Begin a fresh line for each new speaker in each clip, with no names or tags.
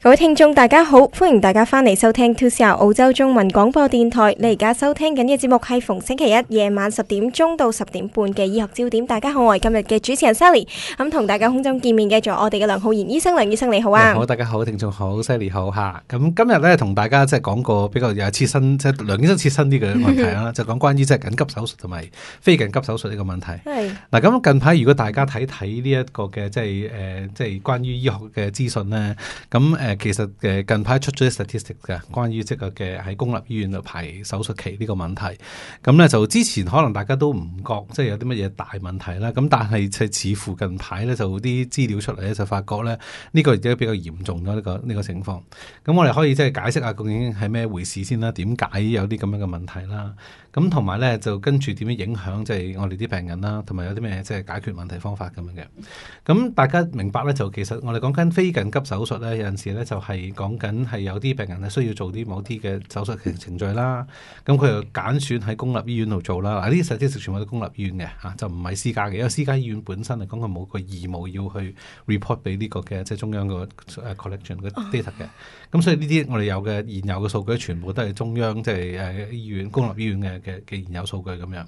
各位聽眾大家好，歡迎大家翻嚟收聽 To s a r 澳洲中文廣播電台。你而家收聽緊嘅節目係逢星期一夜晚十點鐘到十點半嘅醫學焦點。大家好，我係今日嘅主持人 Sally，咁、嗯、同大家空中見面嘅仲有我哋嘅梁浩然醫生，梁醫生，梁醫生你好啊。好，大家好，聽眾好，Sally 好吓。咁今日咧同大家即係講個比較又切身，即係梁醫生切身啲嘅問題啦， 就講關於即係緊急手術同埋非緊急手術呢個問題。係嗱是，咁近排如果大家睇睇呢一個嘅即係誒，即係關於醫學嘅資訊呢。咁、嗯、誒。嗯嗯嗯嗯嗯嗯誒，其實誒近排出咗啲 statistics 嘅，關於即係嘅喺公立醫院度排手術期呢個問題，咁咧就之前可能大家都唔覺，即係有啲乜嘢大問題啦。咁但係即係似乎近排咧就啲資料出嚟咧就發覺咧呢個而家比較嚴重咗呢個呢個情況。咁我哋可以即係解釋下究竟係咩回事先啦，點解有啲咁樣嘅問題啦？咁同埋咧就跟住點樣影響即係我哋啲病人啦，同埋有啲咩即係解決問題方法咁樣嘅。咁大家明白咧就其實我哋講緊非緊急手術咧，有陣時就係講緊係有啲病人咧需要做啲某啲嘅手術程序啦，咁佢又揀選喺公立醫院度做啦。嗱，呢啲實質性全部都公立醫院嘅嚇，就唔係私家嘅。因為私家醫院本身嚟講，佢冇個義務要去 report 俾呢個嘅即係中央個 collection 嘅 data 嘅。咁所以呢啲我哋有嘅現有嘅數據全部都係中央即係誒醫院公立醫院嘅嘅嘅現有數據咁樣。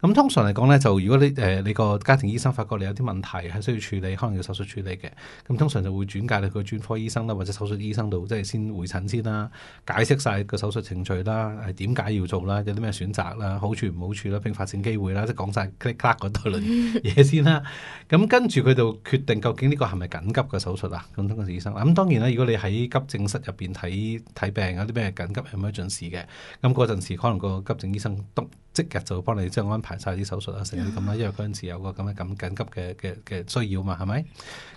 咁通常嚟講咧，就如果你誒你個家庭醫生發覺你有啲問題係需要處理，可能要手術處理嘅，咁通常就會轉介你去專科醫生啦或者，手術醫生度即係先會診先啦，解釋晒個手術程序啦，係點解要做啦，有啲咩選擇啦，好處唔好處啦，併發症機會啦，即係講晒 click clack 嗰度嘢先啦。咁 跟住佢就決定究竟呢個係咪緊急嘅手術啊？咁當時醫生，咁當然啦，如果你喺急症室入邊睇睇病啊，啲咩緊急係咪係準時嘅？咁嗰陣時可能個急症醫生篤。即日就會幫你即係安排晒啲手術啊，成啲咁啦，mm hmm. 因為嗰陣時有個咁樣咁緊急嘅嘅嘅需要嘛，係咪？咁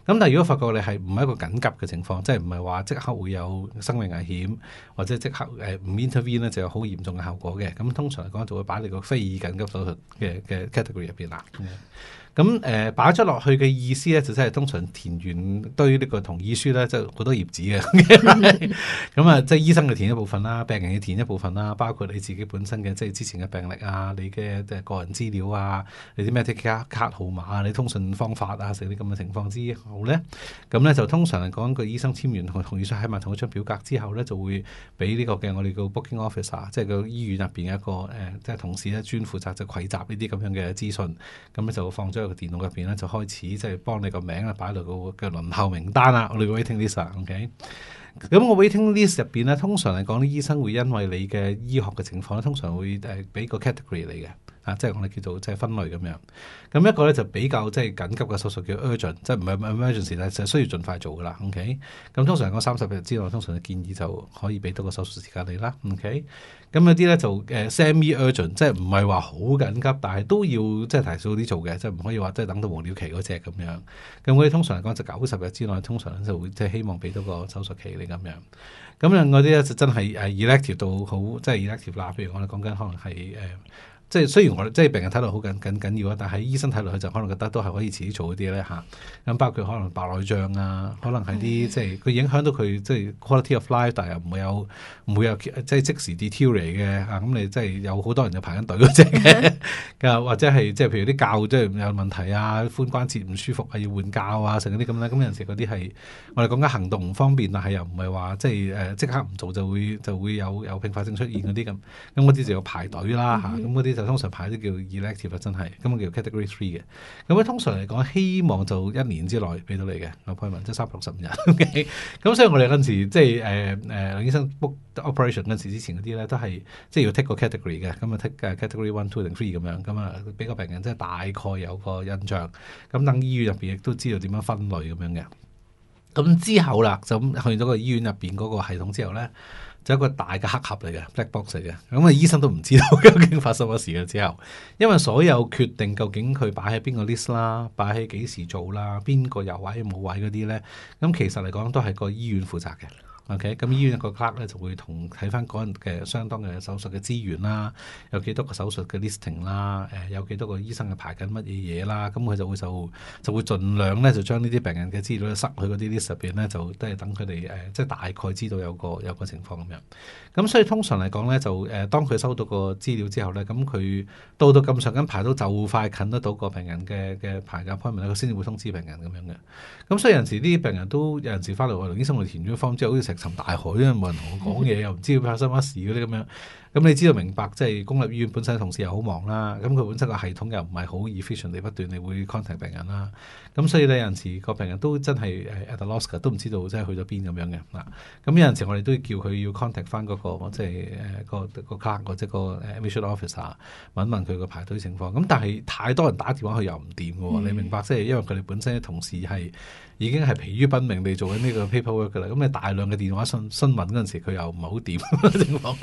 但係如果發覺你係唔係一個緊急嘅情況，即係唔係話即刻會有生命危險，或者即刻誒唔 intervene 咧就有好嚴重嘅效果嘅，咁通常嚟講就會擺你個非緊急手術嘅嘅 category 入邊啦。Mm hmm. 咁誒擺咗落去嘅意思咧，就即、是、係通常填完堆呢個同意書咧、 嗯，即係好多頁紙嘅。咁啊，即係醫生就填一部分啦，病人要填一部分啦，包括你自己本身嘅即係之前嘅病歷啊，你嘅誒個人資料啊，你啲咩啲卡卡號碼、啊，你通訊方法啊，成啲咁嘅情況之後咧，咁咧就通常係講句：「醫生簽完同同意書，喺埋同一張表格之後咧，就會俾呢個嘅我哋叫 booking officer，即係個醫院入邊一個誒、呃，即係同事咧專負責就蒐集呢啲咁樣嘅資訊，咁咧就放咗，個電腦入邊咧，就開始即係幫你個名啊，擺落個嘅輪候名單啦，我哋 waiting list OK？咁我 waiting list 入邊咧，通常嚟講咧，醫生會因為你嘅醫學嘅情況咧，通常會誒俾個 category 你嘅。啊、即係我哋叫做即係分類咁樣。咁一個咧就比較即係緊急嘅手術叫 urgent，即係唔係 emergency 咧，就需要盡快做噶啦。OK，咁通常講三十日之內，通常嘅建議就可以俾多個手術時間你啦。OK，咁有啲咧就誒、uh, semi urgent，即係唔係話好緊急，但係都要即係提早啲做嘅，即係唔可以話即係等到黃鳥期嗰隻咁樣。咁我哋通常嚟講就九十日之內，通常就會即係希望俾多個手術期你咁樣。咁另外啲咧就真係誒、uh, elective 到好，即係 elective 嗱，譬如我哋講緊可能係誒。Uh, 即係雖然我哋即係病人睇落好緊緊緊要啊，但係醫生睇落去就可能覺得都係可以遲啲做嗰啲咧吓，咁包括可能白內障啊，可能係啲、mm hmm. 即係佢影響到佢即係 quality of life，但又唔會有唔會有即係即，即，即，即時 deterioration 嚟嘅嚇。咁、啊、你、嗯、即係有好多人就排緊隊嗰隻嘅，又 或者係即係譬如啲教即係有問題啊，髖關節唔舒服啊，要換教啊，成啲咁啦。咁、嗯嗯、有陣時嗰啲係我哋講緊行動唔方便但係又唔係話即係誒即刻唔做就會就會有有併發症出現嗰啲咁。咁嗰啲就要排隊啦吓。咁啲。就通常排啲叫 elective 啊，真係咁啊叫 category three 嘅。咁啊通常嚟講，希望就一年之內俾到你嘅 appointment 即係三百六十五日。咁、 okay? 咁所以我哋嗰陣時，即係誒誒，醫生 book operation 嗰陣時之前嗰啲咧，都係即係要 take 個 category 嘅，咁啊 take 誒 category one two 定 three 咁樣，咁啊俾個病人即係、就是、大概有個印象，咁等醫院入邊亦都知道點樣分類咁樣嘅。咁之後啦，就去咗個醫院入邊嗰個系統之後咧。就一個大嘅黑盒嚟嘅，black box 嚟嘅。咁、嗯、啊醫生都唔知道 究竟發生乜事嘅之後，因為所有決定究竟佢擺喺邊個 list 啦，擺喺幾時做啦，邊個有位冇位嗰啲咧，咁、嗯、其實嚟講都係個醫院負責嘅。OK，咁醫院個 card 咧就會同睇翻嗰人嘅相當嘅手術嘅資源啦，有幾多個手術嘅 listing 啦，誒、呃、有幾多個醫生嘅排緊乜嘢嘢啦，咁佢就會就就會儘量咧就將呢啲病人嘅資料咧塞去嗰啲 list 入邊咧，就都係等佢哋誒即係大概知道有個有個情況咁樣。咁所以通常嚟講咧就誒、呃，當佢收到個資料之後咧，咁佢到到咁上緊排到就快近得到個病人嘅嘅排假 appointment 咧，佢先至會通知病人咁樣嘅。咁所以有陣時啲病人都有陣時翻嚟我哋醫生我填咗方之後，好似成沉大海啊，因為冇人同我講嘢，又唔知要發生乜事，嗰啲咁樣。咁、嗯、你知道明白，即係公立醫院本身同事又好忙啦，咁佢本身個系統又唔係好 efficient，你不斷你會 contact 病人啦。咁所以咧有陣時個病人都真係誒 at the lost 都唔知道，那個、即係去咗邊咁樣嘅嗱。咁有陣時我哋都要叫佢要 contact 翻嗰個即係誒個個 card 或者個 administrative officer 問問佢個排隊情況，咁但係太多人打電話佢又唔掂嘅，嗯、你明白？即係因為佢哋本身嘅同事係已經係疲於奔命地做緊呢個 paperwork 噶啦。咁你大量嘅電話詢詢問嗰陣時佢又唔係好掂情況。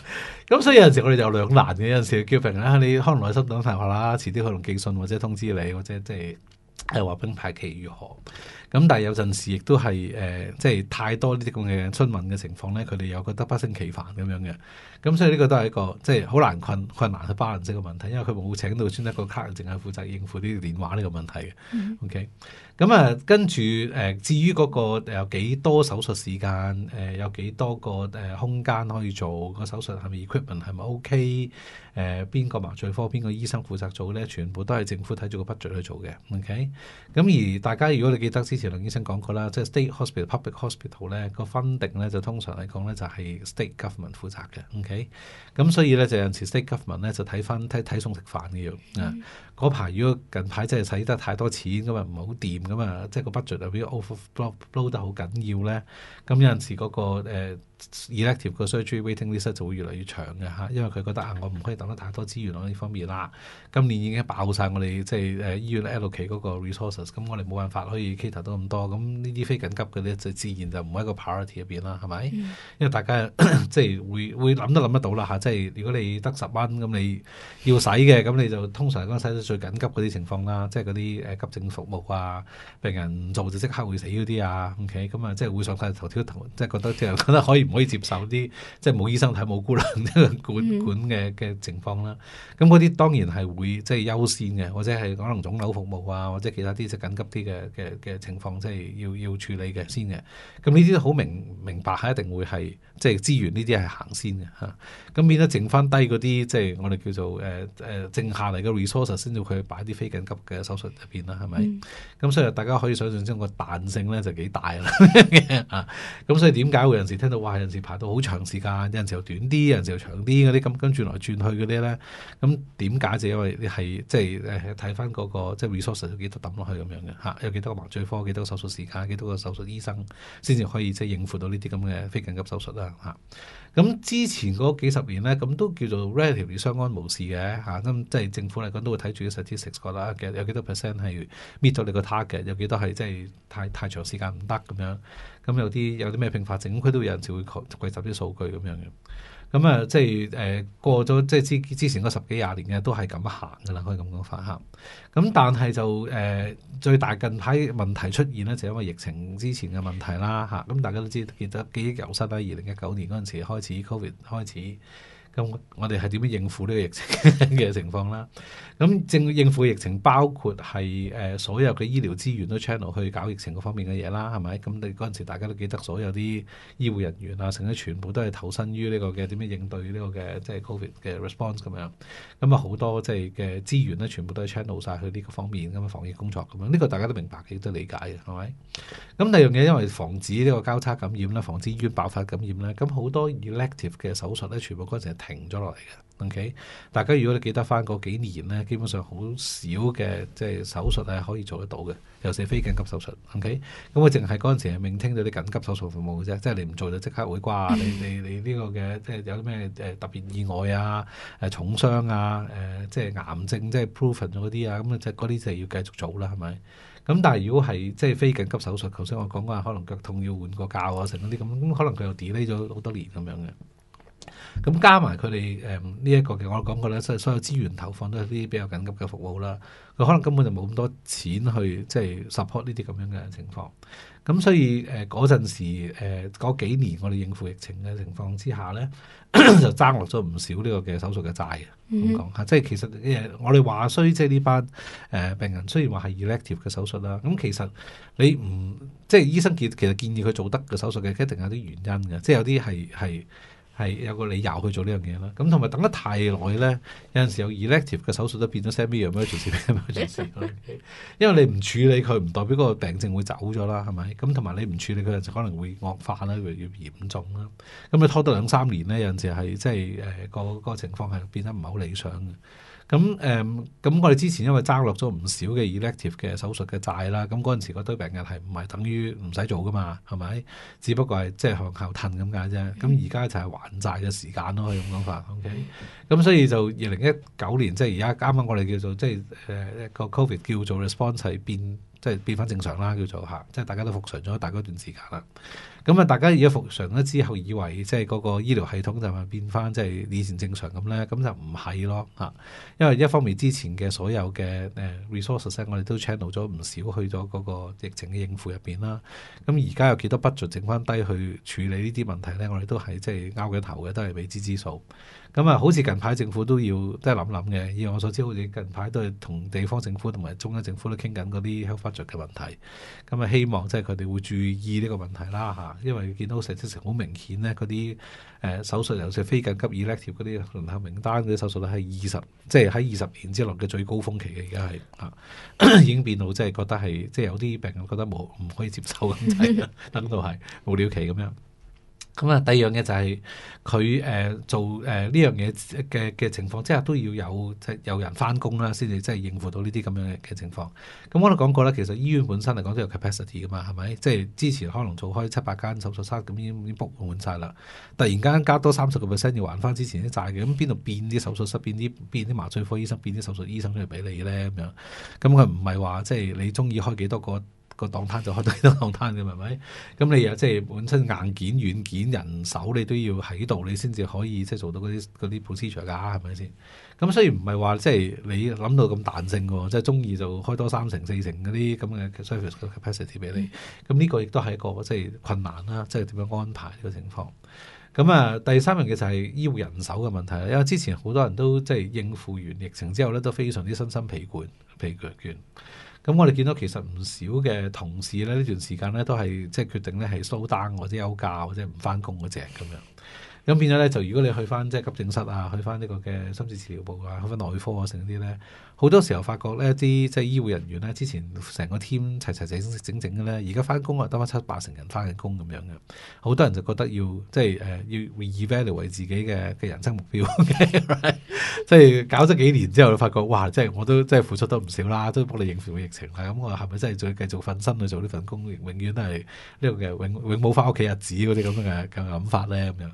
咁所以。有陣時我哋有兩難嘅，有陣時叫病人啦，你可能耐心等下啦，遲啲去能寄信或者通知你，或者即係。係話品牌期如何？咁、嗯、但係有陣時亦都係誒，即係太多呢啲咁嘅出問嘅情況咧，佢哋又覺得不勝其煩咁樣嘅。咁、嗯、所以呢個都係一個即係好難困困難去 b a l a n c 嘅問題，因為佢冇請到先得個卡，a r d 淨係負責應付啲電話呢個問題嘅。Mm hmm. OK，咁、嗯、啊、嗯，跟住誒、呃，至於嗰個有幾多手術時間，誒、呃，有幾多個誒空間可以做、那個手術，係咪 equipment 係咪 OK？誒、呃，邊個麻醉科邊個醫生負責做咧？全部都係政府睇住個 b 序去做嘅。OK。咁、嗯、而大家如果你記得之前梁醫生講過啦，即係 state hospital、public hospital 咧，個 funding 咧，就通常嚟講咧就係 state government 負責嘅，OK？咁所以咧就有陣時 state government 咧就睇返睇睇餸食飯嘅要啊。嗰排、嗯、如果近排真係使得太多錢咁嘛，唔好掂咁嘛，即、就、係、是、個 budget 比、really、如 over blow, blow 得好緊要咧。咁有陣時嗰、那個、呃 Elective 個 surgery waiting list 就會越嚟越長嘅嚇，因為佢覺得啊，我唔可以等得太多資源喺呢方面啦。今年已經爆晒我哋即係誒醫院 allocate 嗰個 resources，咁我哋冇辦法可以 queue 到咁多，咁呢啲非緊急嘅咧就自然就唔喺個 priority 入邊啦，係咪？嗯、因為大家 即係會會諗都諗得到啦，即係如果你得十蚊咁，你要使嘅咁你就通常嗰啲使到最緊急嗰啲情況啦，即係嗰啲急症服務啊，病人唔做就即刻會死嗰啲啊，OK，咁啊即係會上曬頭條頭，即係覺得即係覺得可以。可以接受啲即係冇醫生睇冇姑娘 管管嘅嘅情況啦，咁嗰啲當然係會即係優先嘅，或者係可能腫瘤服務啊，或者其他啲即緊急啲嘅嘅嘅情況，即係要要處理嘅先嘅。咁呢啲都好明明白，係一定會係即係資源呢啲係行先嘅吓。咁、啊、變得剩翻低嗰啲，即係我哋叫做誒誒剩下嚟嘅 resource，先至佢擺啲非緊急嘅手術入邊啦，係咪？咁、嗯、所以大家可以想象，即、那、係個彈性咧就幾大啦吓。咁 所以點解有陣時聽到話？有陣時排到好長時間，有陣時又短啲，有陣時又長啲嗰啲，咁跟轉來轉去嗰啲咧，咁點解？就因為你係即係誒，睇翻嗰個即係、就是、resource 有幾多抌落去咁樣嘅吓，有幾多個麻醉科，幾多個手術時間，幾多個手術醫生，先至可以即係、就是、應付到呢啲咁嘅非緊急手術啊吓。咁之前嗰幾十年咧，咁都叫做 relatively 相安無事嘅吓，咁即係政府嚟講都會睇住啲 statistics 覺得，其實有幾多 percent 係搣咗你個 target，有幾多係即係太太長時間唔得咁樣。咁有啲有啲咩併發症，咁佢都有陣時會攜攏集啲數據咁樣嘅。咁啊，即係誒過咗即係之之前嗰十幾廿年嘅都係咁行㗎啦，可以咁講法嚇。咁但係就誒、呃、最大近排問題出現咧，就是、因為疫情之前嘅問題啦嚇。咁、啊、大家都知記得記憶猶新啦，二零一九年嗰陣時開始，COVID 開始。咁我哋係點樣應付呢個疫情嘅情況啦？咁正應付疫情包括係誒所有嘅醫療資源都 channel 去搞疫情嗰方面嘅嘢啦，係咪？咁你嗰陣時大家都記得所有啲醫護人員啊，成日全部都係投身於呢個嘅點樣應對呢個嘅即係、就是、Covid 嘅 response 咁樣。咁啊好多即係嘅資源咧，全部都係 channel 曬去呢個方面咁嘅防疫工作咁樣。呢、這個大家都明白嘅，都理解嘅，係咪？咁第二樣嘢，因為防止呢個交叉感染啦，防止醫院爆發感染啦，咁好多 elective 嘅手術咧，全部嗰陣時。停咗落嚟嘅，OK？大家如果你記得翻嗰幾年咧，基本上好少嘅即係手術係可以做得到嘅，尤其係非緊急手術，OK？咁啊，淨係嗰陣時係維持到啲緊急手術服務嘅啫，即係你唔做就即刻會掛，你你你呢個嘅即係有啲咩誒特別意外啊，誒重傷啊，誒即係癌症，即係 proven 咗嗰啲啊，咁啊即係嗰啲就係要繼續做啦，係咪？咁但係如果係即係非緊急手術，頭先我講過可能腳痛要換個骹啊，成嗰啲咁，咁可能佢又 delay 咗好多年咁樣嘅。咁加埋佢哋誒呢一個嘅，我講過啦，即係所有資源投放都係啲比較緊急嘅服務啦。佢可能根本就冇咁多錢去，即係 support 呢啲咁樣嘅情況。咁所以誒嗰陣時誒嗰幾年，我哋應付疫情嘅情況之下咧， 就爭落咗唔少呢個嘅手術嘅債嘅。咁講下，即係其實誒我哋話衰，即係呢班誒病人雖然話係 elective 嘅手術啦，咁其實你唔即係醫生建，其實建議佢做得嘅手術嘅，一定有啲原因嘅，即係有啲係係。係有個理由去做呢樣嘢啦，咁同埋等得太耐咧，有陣時候有 elective 嘅手術都變咗 semi emergency 嘅 emergency。因為你唔處理佢，唔代表個病症會走咗啦，係咪？咁同埋你唔處理佢，可能會惡化啦，會越嚟越嚴重啦。咁、嗯、你拖多兩三年咧，有陣時係即係誒、嗰個、嗰個情況係變得唔係好理想嘅。咁誒，咁、嗯、我哋之前因為揸落咗唔少嘅 elective 嘅手術嘅債啦，咁嗰陣時嗰堆病人係唔係等於唔使做㗎嘛，係咪？只不過係即係向後褪咁解啫。咁而家就係還債嘅時間咯，可以咁講法。OK，咁所以就二零一九年即係而家啱啱我哋叫做即係誒個 covid 叫做 response 係變即係、就是、變翻正常啦，叫做吓。即係大家都復常咗大嗰段時間啦。咁啊，大家而家復常咗之後，以為即係嗰個醫療系統就係變翻即係以前正常咁咧，咁就唔係咯嚇。因為一方面之前嘅所有嘅誒 resources 我哋都 channel 咗唔少去咗嗰個疫情嘅應付入邊啦。咁而家有幾多 budget 剩翻低去處理呢啲問題咧，我哋都係即係拗緊頭嘅，都係未知之數。咁啊，好似近排政府都要即係諗諗嘅。以我所知，好似近排都係同地方政府同埋中央政府都傾緊嗰啲鄉村嘅問題。咁啊，希望即係佢哋會注意呢個問題啦嚇。因為見到成績成好明顯咧，嗰啲誒手術尤其是非緊急 elective 嗰啲輪候名單嗰啲手術咧係二十，即係喺二十年之內嘅最高峰期嘅，而家係嚇已經變到即係覺得係即係有啲病人覺得冇唔可以接受咁滯， 等到係無了期咁樣。咁啊，第二樣嘢就係佢誒做誒呢樣嘢嘅嘅情況，即係都要有即係有人翻工啦，先至即係應付到呢啲咁樣嘅嘅情況。咁、嗯、我都講過啦，其實醫院本身嚟講都有 capacity 噶嘛，係咪？即係之前可能做開七八間手術室，咁已經 book 滿晒啦。突然間加多三十個 percent，要還翻之前啲債嘅，咁邊度變啲手術室，變啲變啲麻醉科醫生，變啲手術醫生出嚟俾你咧咁樣？咁佢唔係話即係你中意開幾多個？個檔攤就開多啲檔攤嘅，係咪？咁你又即係本身硬件、軟件、人手，你都要喺度，你先至可以即係做到嗰啲嗰啲 procedure 㗎，係咪先？咁雖然唔係話即係你諗到咁彈性喎，即係中意就開多三成、四成嗰啲咁嘅 service capacity 俾你。咁呢、嗯、個亦都係一個即係困難啦，即係點樣安排呢個情況？咁啊，第三樣嘅就係醫護人手嘅問題啦。因為之前好多人都即係應付完疫情之後咧，都非常之身心疲倦、疲倦。咁、嗯、我哋見到其實唔少嘅同事咧，呢段時間咧都係即係決定咧，係 slow down 或者休假或者唔翻工嗰隻咁樣。咁變咗咧就如果你去翻即係急症室啊，去翻呢個嘅深切治療部啊，去翻內科啊，剩啲咧，好多時候發覺呢一啲即係醫護人員咧，之前成個 team 齊齊整整整嘅咧，而家翻工啊得翻七八成人翻嘅工咁樣嘅，好多人就覺得要即係誒、呃、要 re-evaluate 自己嘅嘅人生目標 okay,right? 即係搞咗幾年之後，發覺哇！即係我都即係付出得唔少啦，都幫你應付咗疫情啦。咁我係咪真係再繼續瞓身去做呢份工，永遠都係呢、這個嘅永永冇翻屋企日子嗰啲咁嘅嘅諗法咧？咁樣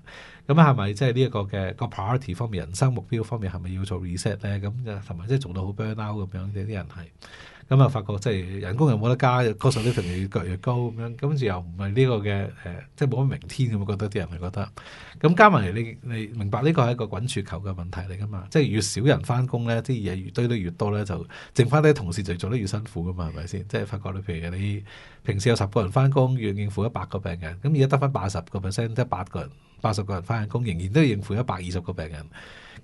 咁啊，係咪即係呢一個嘅個 priority 方面，人生目標方面，係咪要做 reset 咧？咁、嗯、就同埋即係做到好 burnout 咁樣啲人係。咁啊，發覺即係人工又冇得加，高層呢條嘢越割越高咁樣，跟住又唔係呢個嘅誒，即係冇乜明天咁啊！覺得啲人係覺得，咁加埋嚟你你明白呢個係一個滾雪球嘅問題嚟噶嘛？即係越少人翻工咧，啲嘢越堆得越多咧，就剩翻啲同事就越做得越辛苦噶嘛？係咪先？即係發覺你譬如你平時有十個人翻工，要應付一百個病人，咁而家得翻八十個 percent，得八個人八十個人翻工，仍然都要應付一百二十個病人，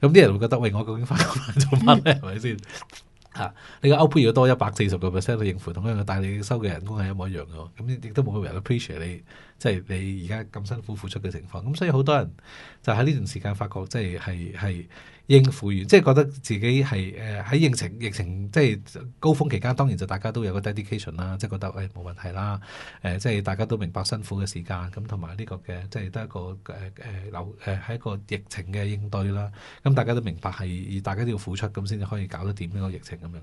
咁啲人會覺得喂，我究竟翻工翻做乜咧？係咪先？ 嚇、啊！你個 output 如果多一百四十個 percent 去應付，啊、同樣但係你收嘅人工係一模一樣嘅喎，咁、嗯、你亦都冇去維 appreciate 你即係你而家咁辛苦付出嘅情況，咁、嗯、所以好多人就喺呢段時間發覺，即係係係。應付完，即係覺得自己係誒喺疫情疫情即係高峰期間，當然就大家都有一個 dedication 啦，即係覺得誒、哎、冇問題啦。誒即係大家都明白辛苦嘅時間，咁同埋呢個嘅即係得一個誒誒流誒係一個疫情嘅應對啦。咁大家都明白係大家都要付出，咁先至可以搞得掂呢個疫情咁樣。咁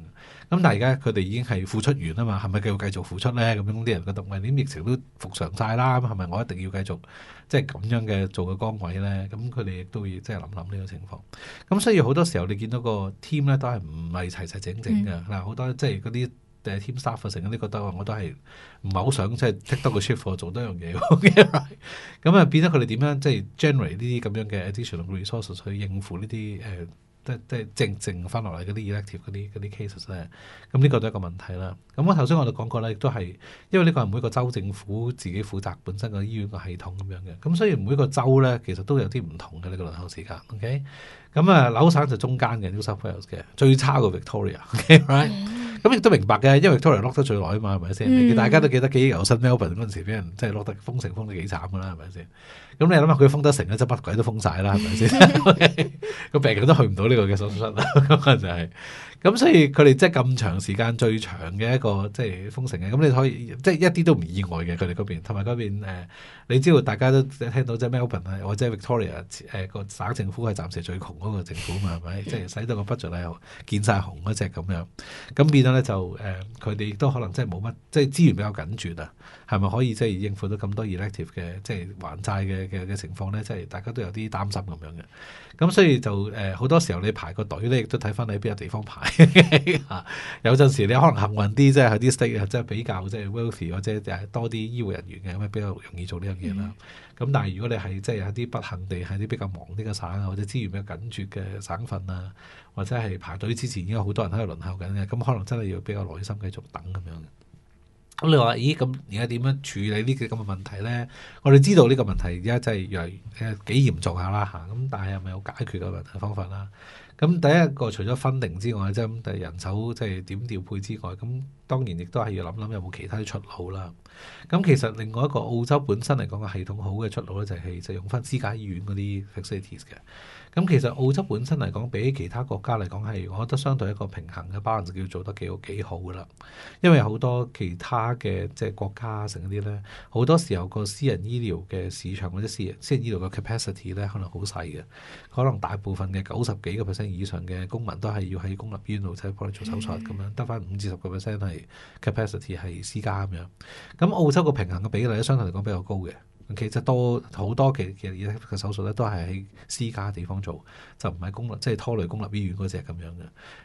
但係而家佢哋已經係付出完啊嘛，係咪繼續繼續付出咧？咁啲人覺得喂，啲疫情都復常晒啦，係咪我一定要繼續即係咁樣嘅做個崗位咧？咁佢哋亦都要即係諗諗呢個情況。咁所以好多時候你見到個 team 咧，都係唔係齊齊整整嘅嗱，好、嗯、多即係嗰啲誒 team staff 成嗰啲覺得我都係唔係好想即係、就是、take 多個 shift 做多樣嘢咁啊， 變咗佢哋點樣即係、就是、generate 呢啲咁樣嘅 additional resources 去應付呢啲誒。呃即即靜靜翻落嚟嗰啲 elective 嗰啲啲 cases 咧，咁、嗯、呢、呢個都係一個問題啦。咁、嗯、我頭先我哋講過咧，亦都係因為呢個係每個州政府自己負責本身個醫院個系統咁樣嘅。咁、嗯、雖然每個州咧其實都有啲唔同嘅呢、呢個輪候時間。OK，咁啊紐省就中間嘅 New South Wales 嘅，最差個 Victoria、okay? right? mm。OK，right、hmm。咁亦都明白嘅，因為 Taylor 落得最耐啊嘛，係咪先？嗯、大家都記得記憶猶新 Melbourne 嗰陣時，俾人即係落得封城封得幾慘嘅啦，係咪先？咁你諗下佢封得成一執乜鬼都封晒啦，係咪先？個 病人都去唔到呢個嘅手術室啦，咁 就係、是。咁所以佢哋即係咁長時間最長嘅一個即係封城嘅，咁你可以即係、就是、一啲都唔意外嘅佢哋嗰邊，同埋嗰邊、呃、你知道大家都聽到即係 Melbourne 啊，就是、Mel bourne，或者 Victoria 誒、呃、個省政府係暫時最窮嗰個政府嘛，係咪？即係使到個 budget 啊，見晒紅嗰隻咁樣，咁變咗咧就誒，佢哋亦都可能即係冇乜，即、就、係、是、資源比較緊絀啊。係咪可以即係應付到咁多 elective 嘅即係、就是、還債嘅嘅嘅情況咧？即、就、係、是、大家都有啲擔心咁樣嘅。咁所以就誒好、呃、多時候你排個隊咧，亦都睇翻你喺邊個地方排。 有陣時你可能幸運啲，即係喺啲 state 即係比較即係 wealthy 或者多啲醫護人員嘅咁，比較容易做呢樣嘢啦。咁、嗯、但係如果你係即係有啲不幸地喺啲比較忙啲嘅省，或者資源比較緊缺嘅省份啊，或者係排隊之前已經好多人喺度輪候緊嘅，咁可能真係要比較耐心繼續等咁樣。咁你話，咦？咁而家點樣處理呢個咁嘅問題呢？我哋知道呢個問題而家真係誒幾嚴重下啦嚇。咁但係係咪有解決嘅問題方法啦？咁第一個除咗 funding 之外，即係人手即係點調配之外，咁當然亦都係要諗諗有冇其他出路啦。咁其實另外一個澳洲本身嚟講嘅系統好嘅出路呢，就係就用翻私家醫院嗰啲 facilities 嘅。咁其實澳洲本身嚟講，比起其他國家嚟講係，我覺得相對一個平衡嘅 balance 叫做得幾好幾好噶啦。因為好多其他嘅即係國家、啊、成啲咧，好多時候個私人醫療嘅市場或者私人私人醫療嘅 capacity 咧，可能好細嘅，可能大部分嘅九十幾個 percent 以上嘅公民都係要喺公立醫院度幫你做手術咁樣，得翻五至十個 percent 係 capacity 係私家咁樣。咁澳洲個平衡嘅比例相對嚟講比較高嘅。其實多好多嘅嘅嘅手術咧，都係喺私家地方做，就唔係公立，即係拖累公立醫院嗰隻咁樣嘅。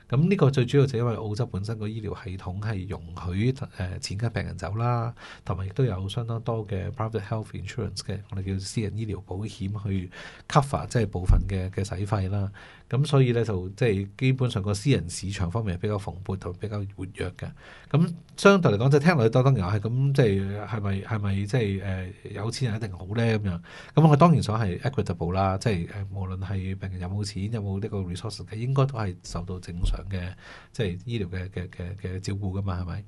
咁呢個最主要就因為澳洲本身個醫療系統係容許誒錢、呃、家病人走啦，同埋亦都有相當多嘅 private health insurance 嘅，我哋叫私人醫療保險去 cover 即係部分嘅嘅使費啦。咁所以咧就即係基本上個私人市場方面係比較蓬勃同比較活躍嘅。咁相對嚟講，就是、聽落去多得又係咁，即係係咪係咪即係誒有錢人一定好咧咁樣？咁我當然想係 equitable 啦，即係誒無論係病人有冇錢有冇呢個 resource，佢應該都係受到正常嘅即係醫療嘅嘅嘅嘅照顧噶嘛，係咪？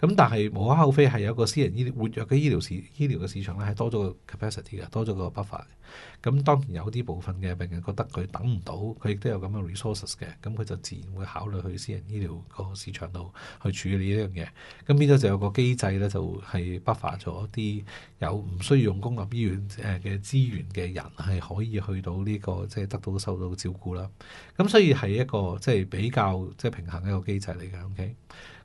咁但係無可厚非係有個私人醫活躍嘅醫療市醫療嘅市場咧，係多咗個 capacity 嘅，多咗個 buffer。咁當然有啲部分嘅病人覺得佢等唔到，佢亦都有咁嘅 resources 嘅，咁佢就自然會考慮去私人醫療個市場度去處理呢樣嘢。咁變咗就有個機制咧，就係、是、不乏咗一啲有唔需要用公立醫院嘅資源嘅人，係可以去到呢、這個即係得到受到照顧啦。咁所以係一個即係比較即係平衡一個機制嚟嘅。OK，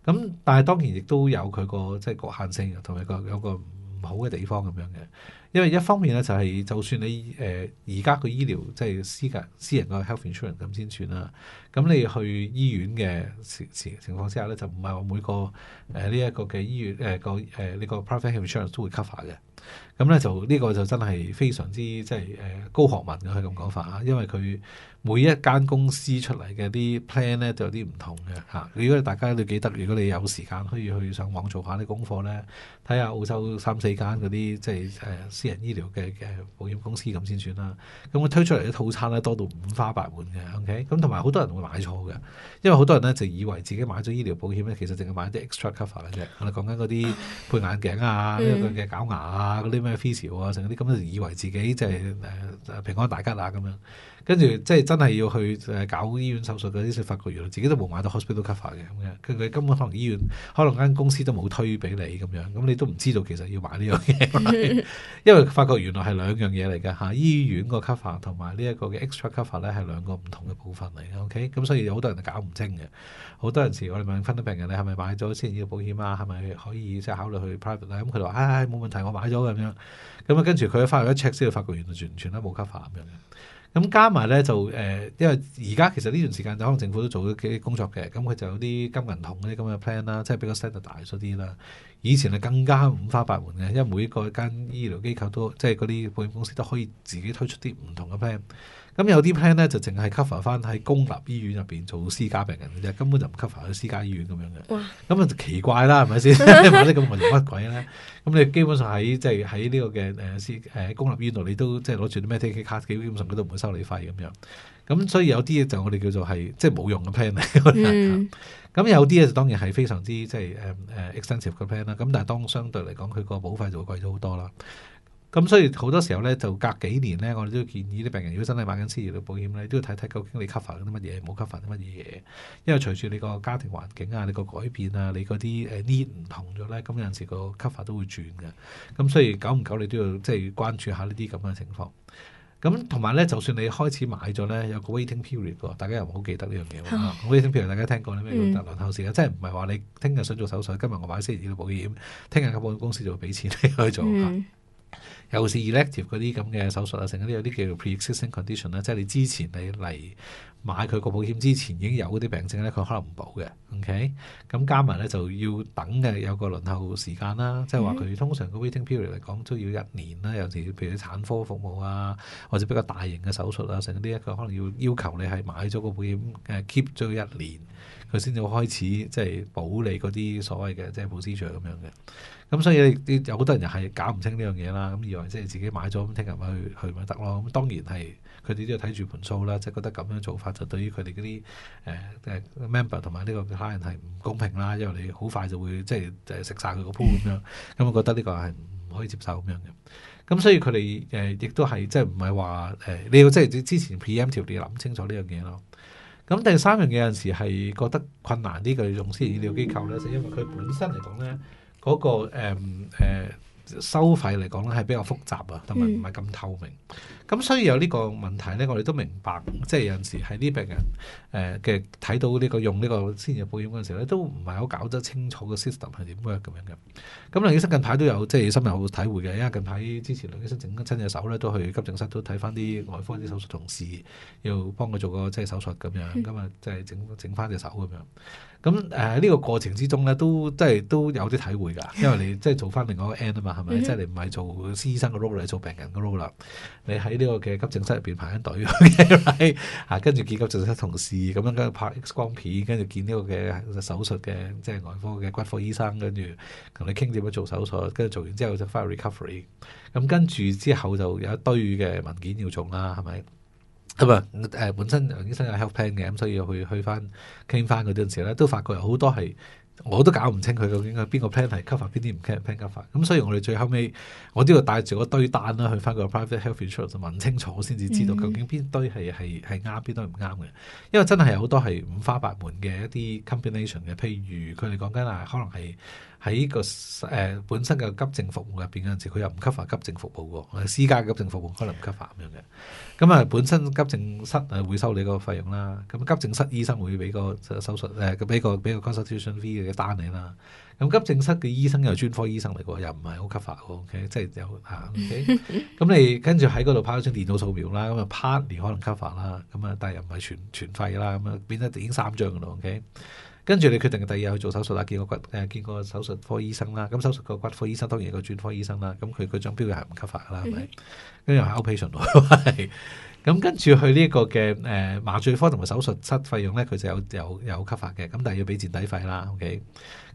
咁但係當然亦都有佢個即係局限性，同埋個有個唔好嘅地方咁樣嘅。因為一方面咧就係、是，就算你誒而家個醫療即係私人私人個 health insurance 咁先算啦，咁你去醫院嘅情情況之下咧，就唔係話每個誒呢一個嘅醫院誒、呃呃這個誒呢個 private health insurance 都會 cover 嘅。咁咧就呢個就真係非常之即係誒高學問嘅，係咁講法啊！因為佢每一間公司出嚟嘅啲 plan 咧，都有啲唔同嘅吓、啊。如果大家你記得，如果你有時間可以去上網做下啲功課咧，睇下澳洲三四間嗰啲即係誒私人醫療嘅嘅保險公司咁先算啦。咁、啊、佢、嗯、推出嚟嘅套餐咧多到五花八門嘅，OK？咁同埋好多人會買錯嘅，因為好多人咧就以為自己買咗醫療保險咧，其實淨係買啲 extra cover 嘅啫。我哋講緊嗰啲配眼鏡啊，呢個嘅假牙啊。啊！嗰啲咩 feature 啊，成啲咁樣，就以為自己即係誒平安大吉啊咁樣。跟住即係真係要去搞醫院手術嗰啲先發覺原來自己都冇買到 hospital cover 嘅咁樣，佢根本可能醫院可能間公司都冇推俾你咁樣，咁你都唔知道其實要買呢樣嘢， 因為發覺原來係兩樣嘢嚟嘅吓，醫院 cover 個 cover 同埋呢一個嘅 extra cover 咧係兩個唔同嘅部分嚟嘅，OK，咁、嗯、所以有好多人就搞唔清嘅。好多陣時我哋問分得病人你係咪買咗先呢個保險啊？係咪可以即係考慮去 private 咧，啊？咁佢就話：唉、哎、冇問題，我買咗咁樣。咁啊跟住佢翻嚟一 check 先，發覺原來完全都冇 cover 咁樣。咁、嗯、加埋咧就誒、呃，因為而家其實呢段時間，就可能政府都做咗幾啲工作嘅，咁、嗯、佢就有啲金銀銅嗰啲咁嘅 plan 啦，即係比較 scale 大咗啲啦。以前係更加五花八門嘅，因為每個間醫療機構都即係嗰啲保險公司都可以自己推出啲唔同嘅 plan。咁有啲 plan 咧就淨係 cover 翻喺公立醫院入邊做私家病人嘅啫，根本就唔 cover 去私家醫院咁樣嘅。咁啊哇就奇怪啦，係咪先？ 或者咁我做乜鬼咧？咁你基本上喺即係喺呢個嘅誒私誒公立醫院度，你都即係攞住啲 Medicare card，基本上佢都唔會收你費咁樣。咁所以有啲嘢就我哋叫做係即係冇用嘅 plan 嚟。咁有啲嘢就當然係非常之即係誒誒、呃、extensive 嘅 plan 啦。咁但係當相對嚟講，佢個保費就會貴咗好多啦。咁所以好多時候咧，就隔幾年咧，我哋都要建議啲病人，如果真係買緊私業嘅保險咧，都要睇睇究竟你 cover 嗰啲乜嘢，冇 cover 啲乜嘢。因為隨住你個家庭環境啊，你個改變啊，你嗰啲誒 need 唔同咗咧，咁有陣時個 cover 都會轉嘅。咁所以久唔久你都要即係關注下呢啲咁嘅情況。咁同埋咧，就算你開始買咗咧，有個 waiting period 嘅，大家又唔好記得呢樣嘢喎。waiting period 的、啊、大家聽過咧咩叫特搭輪後事、啊嗯、即係唔係話你聽日想做手術，今日我買私業嘅保險，聽日嘅保險公司就會俾錢你去做。 嗯。尤其是 elective 嗰啲咁嘅手術啊，成嗰啲有啲叫做 pre-existing condition 咧、啊，即係你之前你嚟買佢個保險之前已經有嗰啲病症咧，佢可能唔保嘅。OK，咁加埋咧就要等嘅有個輪候時間啦、啊，即係話佢通常個 waiting period 嚟講都要一年啦、啊。尤其譬如產科服務啊，或者比較大型嘅手術啊，成嗰啲咧，佢可能要要求你係買咗個保險誒 keep 咗一年。佢先至開始即係保你嗰啲所謂嘅即係保資助咁樣嘅，咁所以有好多人係搞唔清呢樣嘢啦。咁以為即係自己買咗咁聽日去去咪得咯。咁當然係佢哋都要睇住盤數啦，即係覺得咁樣做法就對於佢哋嗰啲即誒 member 同埋呢個 client 係唔公平啦，因為你好快就會即係食晒佢個鋪咁樣。咁我 覺得呢個係唔可以接受咁樣嘅。咁所以佢哋誒亦都係即係唔係話誒你要即係之前 PM 條你諗清楚呢樣嘢咯。咁第三樣嘢，有陣時係覺得困難啲嘅，用私人醫療機構咧，就是因為佢本身嚟講咧，嗰個誒誒。嗯嗯收費嚟講咧係比較複雜啊，同埋唔係咁透明。咁、嗯、所以有呢個問題咧，我哋都明白，即係有陣時喺啲病人誒嘅睇到呢個用呢個先入保險嗰陣時咧，都唔係好搞得清楚個 system 係點樣咁樣嘅。咁梁醫生近排都有即係深入體會嘅，因為近排之前梁醫生整親隻手咧，都去急症室都睇翻啲外科啲手術同事，要幫佢做個即係手術咁樣，咁啊、嗯、即係整整翻隻手咁樣。咁誒呢個過程之中咧，都即係都有啲體會㗎，因為你即係做翻另外一個 end 啊嘛。係咪？即係你唔係做醫生嘅 role，你做病人嘅 role 啦。你喺呢個嘅急症室入邊排緊隊， right? 啊，跟住見急症室同事咁樣跟住拍 X 光片，跟住見呢個嘅手術嘅即係外科嘅骨科醫生，跟住同你傾點樣做手術，跟住做完之後就翻去 recovery。咁跟住之後就有一堆嘅文件要做啦，係咪？咁、嗯、啊，誒、呃，本身梁醫生有 health plan 嘅，咁所以去去翻傾翻嗰陣時咧，都發覺有好多係。我都搞唔清佢究竟係邊個 plan 係 cover 邊啲唔 cover，plan cover。咁所以我哋最後尾，我都要帶住嗰堆單啦，去翻個 private health insurance 問清楚先至知道究竟邊堆係係係啱，邊堆唔啱嘅。因為真係有好多係五花八門嘅一啲 combination 嘅，譬如佢哋講緊啊，可能係。喺依、這個、呃、本身嘅急症服務入邊嗰陣時佢又唔 cover 急症服務喎，私家急症服務可能唔 cover 咁樣嘅。咁啊，本身急症室誒會收你個費用啦。咁急症室醫生會俾個手術誒，俾、啊、個俾個 consultation fee 嘅單你啦。咁急症室嘅醫生又專科醫生嚟喎，又唔係好 cover 喎，okay？O K，即係有啊。O K，咁你跟住喺嗰度拍咗張電腦掃描啦，咁啊 part 你可能 cover 啦。咁啊，但係又唔係全全費啦。咁啊，變咗已經三張嘅咯。O K。跟住你決定第二日去做手術啦，見個骨誒、呃，見個手術科醫生啦。咁手術個骨科醫生當然個專科醫生啦。咁佢佢張表又係唔 cover 㗎啦，係咪？跟住係 operation，咁跟住去呢個嘅誒、呃、麻醉科同埋手術室費用咧，佢就有有有 cover 嘅。咁但係要俾墊底費啦。OK，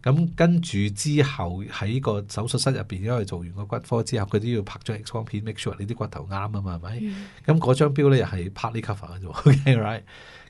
咁跟住之後喺個手術室入邊，因為做完個骨科之後，佢都要拍張 X 光片，make sure 你啲骨頭啱啊嘛，係咪？咁嗰張表咧又係 partly cover 嘅啫。OK，right、okay。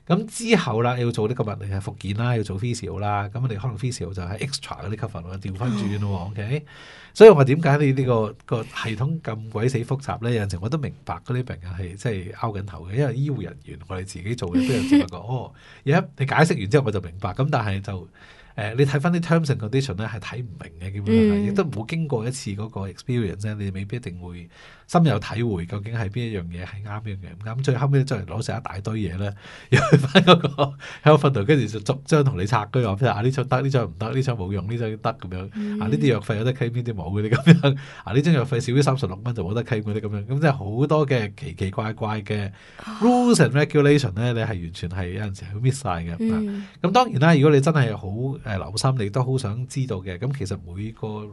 咁、嗯、之後啦，要做呢個物理，係復健啦，要做 physio 啦。咁我哋可能 physio 就喺 extra 嗰啲 cover 度調翻轉咯。OK， 所以我話點解你呢、呢個、呢個系統咁鬼死複雜咧？ 有陣時我都明白嗰啲病人係即係拗緊頭嘅，因為醫護人員我哋自己做嘅都有兩個。哦，而、yeah, 家你解釋完之後我就明白。咁但係就誒、呃，你睇翻啲 terms and condition 咧係睇唔明嘅，基本上亦都冇經過一次嗰個 experience 啫，你未必一定會。心有體會，究竟係邊一樣嘢係啱，邊樣嘢唔啱？咁最後尾再嚟攞成一大堆嘢咧，又去翻嗰個喺個瞓導，跟住就逐張同你拆居，喎，譬如啊呢張得，呢張唔得，呢張冇用，呢張得咁樣。啊呢啲藥費有得 claim，呢啲冇嗰啲咁樣。啊呢張藥費少於三十六蚊就冇得 claim 嗰啲咁樣。咁即係好多嘅奇奇怪怪嘅 rules and regulation 咧，你係完全係有陣時會 miss 曬嘅。咁當然啦，如果你真係好誒留心，你都好想知道嘅。咁其實每個誒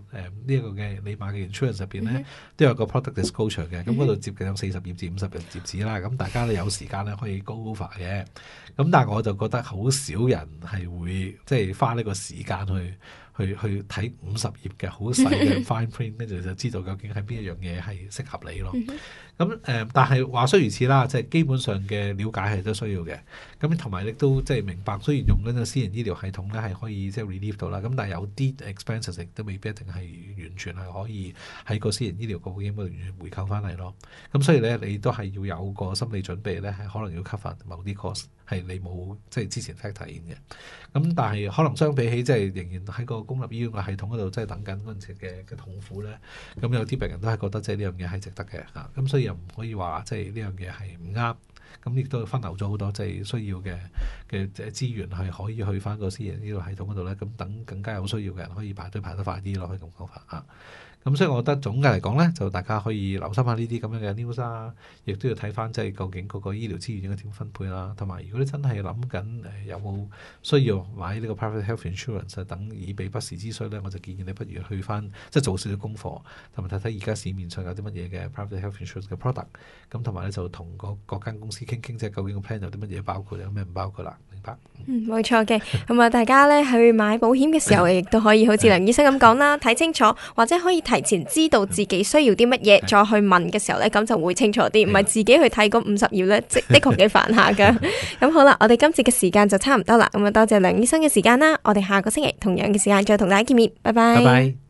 呢一個嘅你買嘅 insurance 入邊咧，都有個 product 嘅，咁嗰度接近有四十頁至五十頁截止啦，咁大家都有時間咧，可以 go over 嘅，咁但係我就覺得好少人係會即係、就是、花呢個時間去。去去睇五十頁嘅好細嘅 fine print，咧就 就知道究竟係邊一樣嘢係適合你咯。咁、嗯、誒，但係話雖如此啦，即係基本上嘅了解係都需要嘅。咁同埋亦都即係明白，雖然用緊個私人醫療系統咧係可以即係 relieve 到啦，咁但係有啲 expenses 都未必一定係完全係可以喺個私人醫療保險度回購翻嚟咯。咁、嗯、所以咧，你都係要有個心理準備咧，係可能要 cover 某啲 cost。係你冇即係之前睇體驗嘅，咁但係可能相比起即係仍然喺個公立醫院嘅系統嗰度，即係等緊嗰陣時嘅嘅痛苦咧，咁有啲病人都係覺得即係呢樣嘢係值得嘅嚇，咁、啊、所以又唔可以話即係呢樣嘢係唔啱。咁亦都分流咗好多，即係需要嘅嘅誒資源係可以去翻個私人醫療系統嗰度咧，咁等更加有需要嘅人可以排隊排得快啲咯，可以咁講法啊。咁所以我覺得總嘅嚟講咧，就大家可以留心下呢啲咁樣嘅 news 啊，亦都要睇翻即係究竟個醫療資源應該點分配啦、啊。同埋如果你真係諗緊誒有冇需要買呢個 private health insurance 等以備不時之需咧，我就建議你不如去翻即係做少少功課，同埋睇睇而家市面上有啲乜嘢嘅 private health insurance 嘅 product。咁同埋咧就同個各間公司。傾傾即係究竟個 plan 有啲乜嘢包括，有咩唔包括啦？明白？嗯，冇錯嘅。咁啊，大家咧去買保險嘅時候，亦都可以好似梁醫生咁講啦，睇 清楚，或者可以提前知道自己需要啲乜嘢再去問嘅時候咧，咁就會清楚啲，唔係 自己去睇嗰五十頁咧，即的確幾煩下噶。咁好啦，我哋今次嘅時間就差唔多啦。咁啊，多謝梁醫生嘅時間啦。我哋下個星期同樣嘅時間再同大家見面。拜拜。拜拜